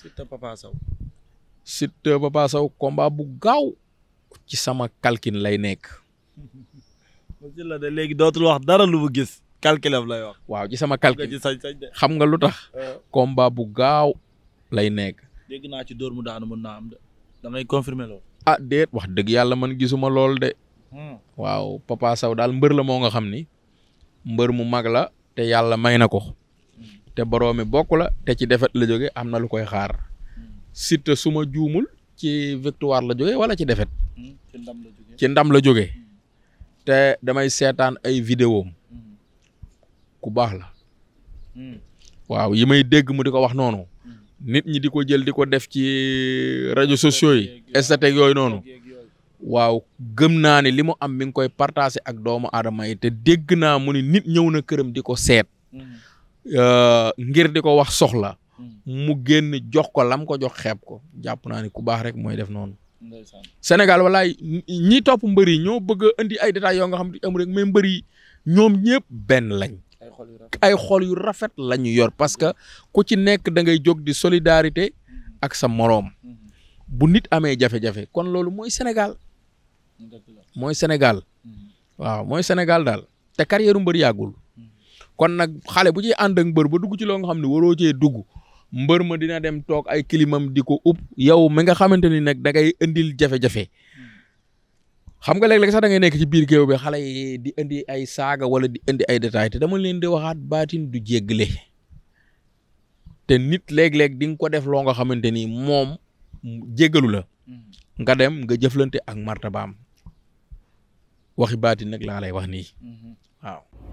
Siteu Papa Sow. Papa Sow komba bu gaaw ci sama calcul lay nekk. mosul la léegi dootul wax dara lu mu gis calcul am lay wax. waaw ci sama calcul xam nga lu tax. Euh. combat bu gaaw lay nekk. dégg naa ci dóor mu daanu mën naa am de da ngay ah déet wax dëgg yàlla man gisuma lool de. Hmm. waaw Papa Sow daal mbër la moo nga xam ni mbër mu mag la te yàlla may na ko. te boroomi bokk la te ci defet la jóge am na lu koy xaar Siteu su ma juumul ci victoire la jóge walla ci defet hmm, ci ndam la jóge te damay seetaan ay vidéo ku baax la hmm. waaw yi may dégg mu di ko wax noonu hmm. nit ñi di ko jël di ko def ci eh, réseaux sociaux yi esthétique yooyu noonu waaw gëm naa ne li mu am mi ngi koy partagé ak doomu aadama yi te dégg naa mu ni nit ñëw na këram di ko seet Euh, ngir di ko wax soxla. Hmm. mu génn jox ko lam ko jox xeeb ko jàpp naa ni ku baax rek mooy def noonu. Sénégal walaay ñi topp mbër yi ñoo bëgg a indi ay détails yoo nga xam ne amu rek mais mbër yi ñoom ñëpp benn lañ. ay xol yu rafet la ñu yor parce que ku ci nekk da ngay jóg di solidarité hmm. ak sa moroom hmm. bu nit amee jafe-jafe kon loolu mooy Sénégal mooy Sénégal waaw mooy Sénégal daal te carrière mbër yàggul. kon nag xale bu ci ànd ak mbër ba dugg ci loo nga xam ne waroo cee dugg mbër ma dina dem toog ay kilimam di ko ub yow mi nga xamante ni nag da indil jafe-jafe xam nga léeg-léeg sax da nekk ci biir géew bi xale yi di indi ay saaga wala di indi ay détails te dama leen di waxaat baatin du jéggale te nit léeg-léeg di nga ko def loo nga xamante ni moom jéggalu la mm. nga dem nga jëflante ak baam waxi baatin nag laa lay wax nii mm-hmm. waaw